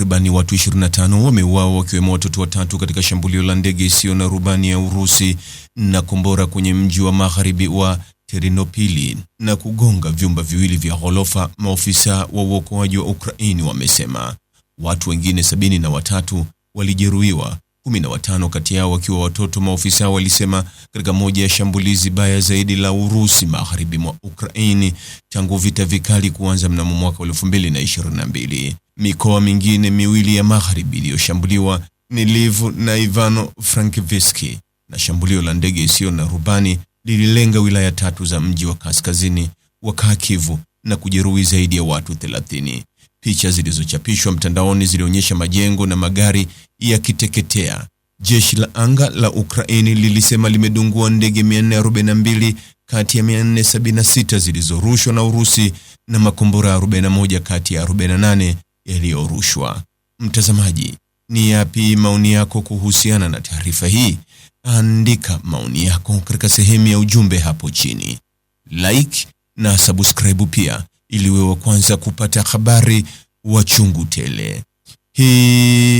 Takriban watu 25 wameuawa wakiwemo watoto watatu katika shambulio la ndege isiyo na rubani ya Urusi na kombora kwenye mji wa magharibi wa Ternopili na kugonga vyumba viwili vya ghorofa, maofisa wa uokoaji wa Ukraini wamesema. Watu wengine sabini na watatu walijeruhiwa, kumi na watano kati yao wakiwa watoto, maofisa walisema, katika moja ya shambulizi baya zaidi la Urusi magharibi mwa Ukraini tangu vita vikali kuanza mnamo mwaka 2022. Mikoa mingine miwili ya magharibi iliyoshambuliwa ni Lviv na Ivano-Frankivsk, na shambulio la ndege isiyo na rubani lililenga wilaya tatu za mji wa kaskazini wa Kharkiv na kujeruhi zaidi ya watu 30. Picha zilizochapishwa mtandaoni zilionyesha majengo na magari yakiteketea Jeshi la anga la Ukraini lilisema limedungua ndege 442 kati ya 476 zilizorushwa na Urusi na makombora 41 kati ya 48 yaliyorushwa. Mtazamaji, ni yapi maoni yako kuhusiana na taarifa hii? Andika maoni yako katika sehemu ya ujumbe hapo chini. Like na subscribe pia ili uwe wa kwanza kupata habari wa chungu tele. Hii